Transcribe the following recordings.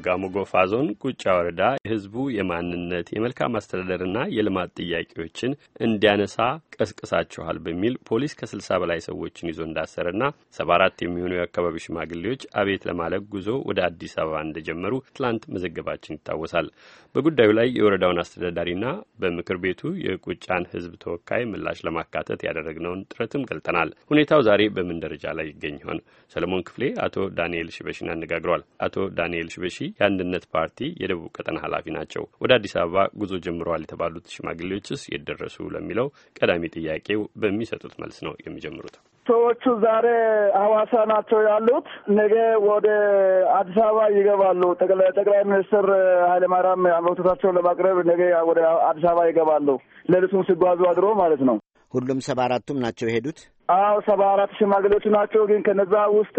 በጋሞጎፋ ዞን ቁጫ ወረዳ የህዝቡ የማንነት የመልካም አስተዳደርና የልማት ጥያቄዎችን እንዲያነሳ ቀስቅሳችኋል በሚል ፖሊስ ከስልሳ በላይ ሰዎችን ይዞ እንዳሰረና ሰባ አራት የሚሆኑ የአካባቢው ሽማግሌዎች አቤት ለማለት ጉዞ ወደ አዲስ አበባ እንደጀመሩ ትላንት መዘገባችን ይታወሳል። በጉዳዩ ላይ የወረዳውን አስተዳዳሪና በምክር ቤቱ የቁጫን ህዝብ ተወካይ ምላሽ ለማካተት ያደረግነውን ጥረትም ገልጠናል። ሁኔታው ዛሬ በምን ደረጃ ላይ ይገኝ ይሆን? ሰለሞን ክፍሌ አቶ ዳንኤል ሽበሽን አነጋግሯል። አቶ ዳንኤል ሽበሺ የአንድነት ፓርቲ የደቡብ ቀጠና ኃላፊ ናቸው። ወደ አዲስ አበባ ጉዞ ጀምረዋል የተባሉት ሽማግሌዎችስ የት ደረሱ ለሚለው ቀዳሚ ጥያቄው በሚሰጡት መልስ ነው የሚጀምሩት። ሰዎቹ ዛሬ ሐዋሳ ናቸው ያሉት። ነገ ወደ አዲስ አበባ ይገባሉ። ጠቅላይ ሚኒስትር ኃይለማርያም አቤቱታቸውን ለማቅረብ ነገ ወደ አዲስ አበባ ይገባሉ። ሌሊቱን ሲጓዙ አድሮ ማለት ነው። ሁሉም ሰባ አራቱም ናቸው የሄዱት። አዎ ሰባ አራት ሽማግሌዎች ናቸው። ግን ከነዛ ውስጥ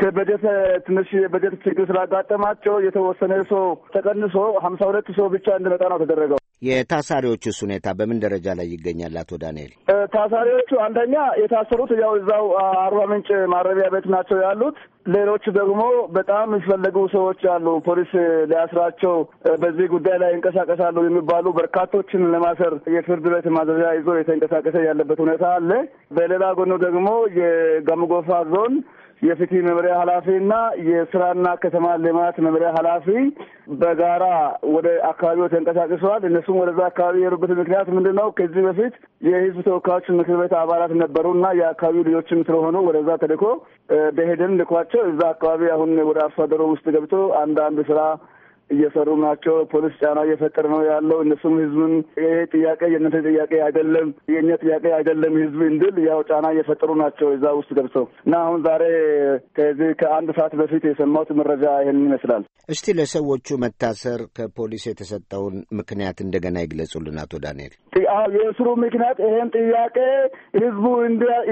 ከበጀት ትንሽ የበጀት ችግር ስላጋጠማቸው የተወሰነ ሰው ተቀንሶ ሀምሳ ሁለት ሰው ብቻ እንድመጣ ነው ተደረገው። የታሳሪዎቹስ ሁኔታ በምን ደረጃ ላይ ይገኛል? አቶ ዳንኤል፣ ታሳሪዎቹ አንደኛ የታሰሩት ያው እዛው አርባ ምንጭ ማረቢያ ቤት ናቸው ያሉት። ሌሎች ደግሞ በጣም የሚፈለጉ ሰዎች አሉ። ፖሊስ ሊያስራቸው በዚህ ጉዳይ ላይ ይንቀሳቀሳሉ የሚባሉ በርካቶችን ለማሰር የፍርድ ቤት ማዘዣ ይዞ የተንቀሳቀሰ ያለበት ሁኔታ አለ። በሌላ ጎኑ ደግሞ የጋምጎፋ ዞን የፍትህ መምሪያ ኃላፊ እና የስራና ከተማ ልማት መምሪያ ኃላፊ በጋራ ወደ አካባቢው ተንቀሳቅሰዋል። እነሱም ወደዛ አካባቢ የሄዱበት ምክንያት ምንድን ነው? ከዚህ በፊት የህዝብ ተወካዮች ምክር ቤት አባላት ነበሩ እና የአካባቢው ልጆችም ስለሆኑ ወደዛ ተልኮ በሄደን ልኳቸው እዛ አካባቢ አሁን ወደ አርሶ አደሩ ውስጥ ገብቶ አንዳንድ ስራ እየሰሩ ናቸው። ፖሊስ ጫና እየፈጠረ ነው ያለው። እነሱም ህዝብን ይሄ ጥያቄ የእናንተ ጥያቄ አይደለም፣ የእኛ ጥያቄ አይደለም ህዝብ እንድል ያው ጫና እየፈጠሩ ናቸው እዛ ውስጥ ገብተው እና አሁን ዛሬ ከዚህ ከአንድ ሰዓት በፊት የሰማሁት መረጃ ይህን ይመስላል። እስቲ ለሰዎቹ መታሰር ከፖሊስ የተሰጠውን ምክንያት እንደገና ይግለጹልን አቶ ዳንኤል። የእስሩ ምክንያት ይሄን ጥያቄ ህዝቡ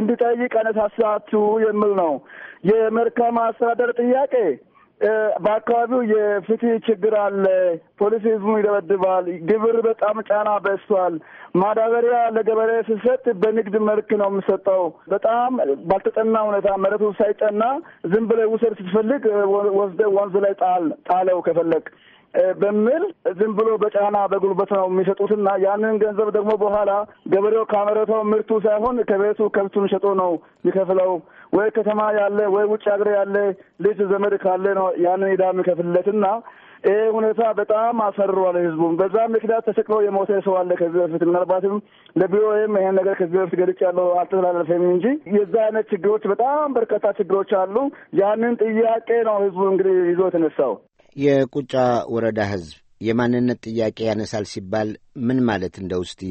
እንዲጠይቅ አነሳሳችሁ የሚል ነው። የመልካም አስተዳደር ጥያቄ በአካባቢው የፍትህ ችግር አለ። ፖሊስ ህዝቡን ይደበድባል። ግብር በጣም ጫና በዝቷል። ማዳበሪያ ለገበሬ ስሰጥ በንግድ መልክ ነው የምሰጠው። በጣም ባልተጠና ሁኔታ መሬቱ ሳይጠና ዝም ብለህ ውሰድ ስትፈልግ ወስደህ ወንዝ ላይ ጣል ጣለው ከፈለግ በሚል ዝም ብሎ በጫና በጉልበት ነው የሚሸጡትና ያንን ገንዘብ ደግሞ በኋላ ገበሬው ካመረተው ምርቱ ሳይሆን ከቤቱ ከብቱን ሸጦ ነው የሚከፍለው። ወይ ከተማ ያለ ወይ ውጭ ሀገር ያለ ልጅ ዘመድ ካለ ነው ያንን ዕዳ የሚከፍልለትና ይህ ሁኔታ በጣም አፈርሯል ህዝቡም። በዛ ምክንያት ተሰቅሎ የሞተ ሰው አለ ከዚህ በፊት ምናልባትም ለቢሮም ይሄን ነገር ከዚህ በፊት ገልጭ ያለው አልተተላለፈም እንጂ የዛ አይነት ችግሮች በጣም በርካታ ችግሮች አሉ። ያንን ጥያቄ ነው ህዝቡ እንግዲህ ይዞ የተነሳው። የቁጫ ወረዳ ሕዝብ የማንነት ጥያቄ ያነሳል ሲባል ምን ማለት እንደ ውስቲ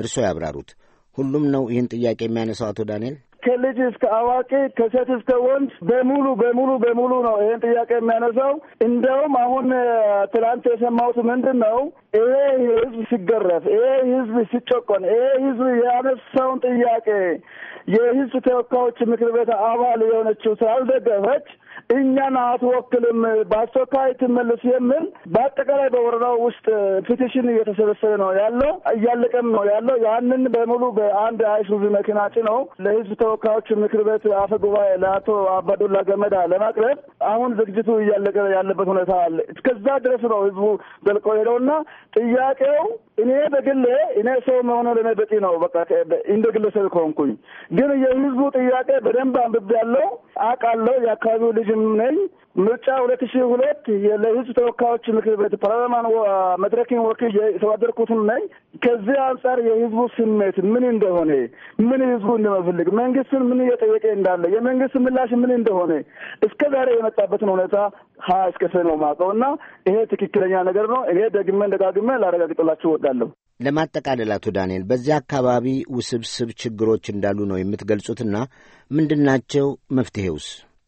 እርስዎ ያብራሩት። ሁሉም ነው ይህን ጥያቄ የሚያነሳው? አቶ ዳንኤል ከልጅ እስከ አዋቂ ከሴት እስከ ወንድ በሙሉ በሙሉ በሙሉ ነው ይህን ጥያቄ የሚያነሳው። እንደውም አሁን ትላንት የሰማሁት ምንድን ነው ይሄ ህዝብ ሲገረፍ፣ ይሄ ህዝብ ሲጨቆን፣ ይሄ ህዝብ ያነሳውን ጥያቄ የህዝብ ተወካዮች ምክር ቤት አባል የሆነችው ስላልደገፈች እኛን አትወክልም፣ በአስቸኳይ ትመለሱ የሚል በአጠቃላይ በወረዳው ውስጥ ፊቲሽን እየተሰበሰበ ነው ያለው፣ እያለቀም ነው ያለው። ያንን በሙሉ በአንድ አይሱዙ መኪና ጭነው ለህዝብ ተወካዮች ምክር ቤት አፈ ጉባኤ ለአቶ አባዱላ ገመዳ ለማቅረብ አሁን ዝግጅቱ እያለቀ ያለበት ሁኔታ አለ። እስከዛ ድረስ ነው ህዝቡ ዘልቆ ሄደውና ጥያቄው እኔ በግሌ እኔ ሰው መሆነ ለእኔ በቂ ነው። በቃ እንደ ግለሰብ ከሆንኩኝ ግን የህዝቡ ጥያቄ በደንብ ያለው አውቃለሁ። የአካባቢው ልጅም ነኝ። ምርጫ ሁለት ሺህ ሁለት ለህዝብ ተወካዮች ምክር ቤት ፓርላማን መድረክን ወክ የተወዳደርኩትም ነኝ። ከዚህ አንጻር የህዝቡ ስሜት ምን እንደሆነ፣ ምን ህዝቡ እንደመፈልግ፣ መንግስትን ምን እየጠየቀ እንዳለ፣ የመንግስት ምላሽ ምን እንደሆነ እስከ ዛሬ የመጣበትን ሁኔታ ሀ እስከ ሰ ነው ማውቀው እና ይሄ ትክክለኛ ነገር ነው። እኔ ደግመን ደጋግመን ላረጋግጥላችሁ እወዳለሁ። ለማጠቃለል አቶ ዳንኤል በዚህ አካባቢ ውስብስብ ችግሮች እንዳሉ ነው የምትገልጹትና ምንድናቸው መፍትሄውስ?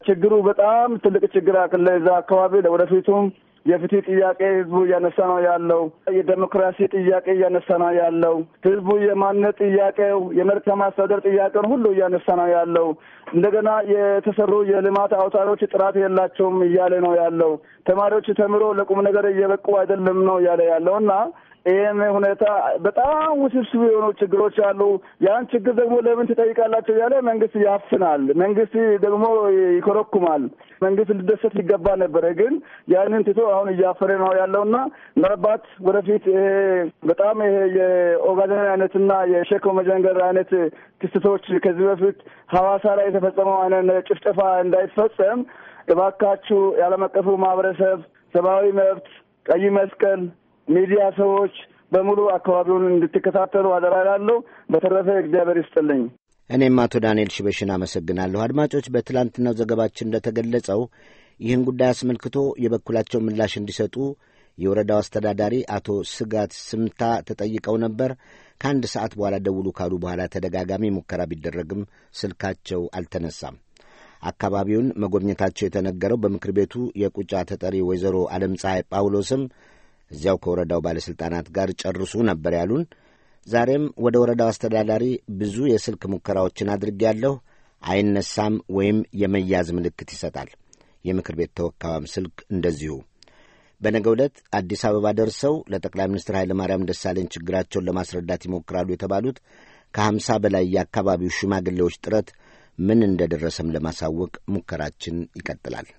ችግሩ በጣም ትልቅ ችግር አለ እዛ አካባቢ። ለወደፊቱም የፍትህ ጥያቄ ህዝቡ እያነሳ ነው ያለው። የዴሞክራሲ ጥያቄ እያነሳ ነው ያለው። ህዝቡ የማንነት ጥያቄው፣ የመልካም አስተዳደር ጥያቄውን ሁሉ እያነሳ ነው ያለው። እንደገና የተሰሩ የልማት አውታሮች ጥራት የላቸውም እያለ ነው ያለው። ተማሪዎች ተምሮ ለቁም ነገር እየበቁ አይደለም ነው እያለ ያለው እና ይህን ሁኔታ በጣም ውስብስብ የሆኑ ችግሮች አሉ። ያን ችግር ደግሞ ለምን ትጠይቃላቸው ያለ መንግስት ያፍናል። መንግስት ደግሞ ይኮረኩማል። መንግስት ሊደሰት ሊገባ ነበረ፣ ግን ያንን ትቶ አሁን እያፈረ ነው ያለውና ምናልባት ወደፊት ይሄ በጣም ይሄ የኦጋዴን አይነትና የሸኮ መጀንገር አይነት ክስተቶች ከዚህ በፊት ሀዋሳ ላይ የተፈጸመው አይነት ጭፍጨፋ እንዳይፈጸም እባካችሁ የዓለም አቀፉ ማህበረሰብ ሰብአዊ መብት ቀይ መስቀል ሚዲያ ሰዎች በሙሉ አካባቢውን እንድትከታተሉ አደራ እላለሁ። በተረፈ እግዚአብሔር ይስጥልኝ። እኔም አቶ ዳንኤል ሽበሽን አመሰግናለሁ። አድማጮች፣ በትላንትናው ዘገባችን እንደተገለጸው ይህን ጉዳይ አስመልክቶ የበኩላቸው ምላሽ እንዲሰጡ የወረዳው አስተዳዳሪ አቶ ስጋት ስምታ ተጠይቀው ነበር። ከአንድ ሰዓት በኋላ ደውሉ ካሉ በኋላ ተደጋጋሚ ሙከራ ቢደረግም ስልካቸው አልተነሳም። አካባቢውን መጎብኘታቸው የተነገረው በምክር ቤቱ የቁጫ ተጠሪ ወይዘሮ ዓለም ፀሐይ ጳውሎስም እዚያው ከወረዳው ባለሥልጣናት ጋር ጨርሱ ነበር ያሉን። ዛሬም ወደ ወረዳው አስተዳዳሪ ብዙ የስልክ ሙከራዎችን አድርጌያለሁ። አይነሳም ወይም የመያዝ ምልክት ይሰጣል። የምክር ቤት ተወካዩም ስልክ እንደዚሁ። በነገው ዕለት አዲስ አበባ ደርሰው ለጠቅላይ ሚኒስትር ኃይለ ማርያም ደሳለኝ ችግራቸውን ለማስረዳት ይሞክራሉ የተባሉት ከሀምሳ በላይ የአካባቢው ሽማግሌዎች ጥረት ምን እንደደረሰም ለማሳወቅ ሙከራችን ይቀጥላል።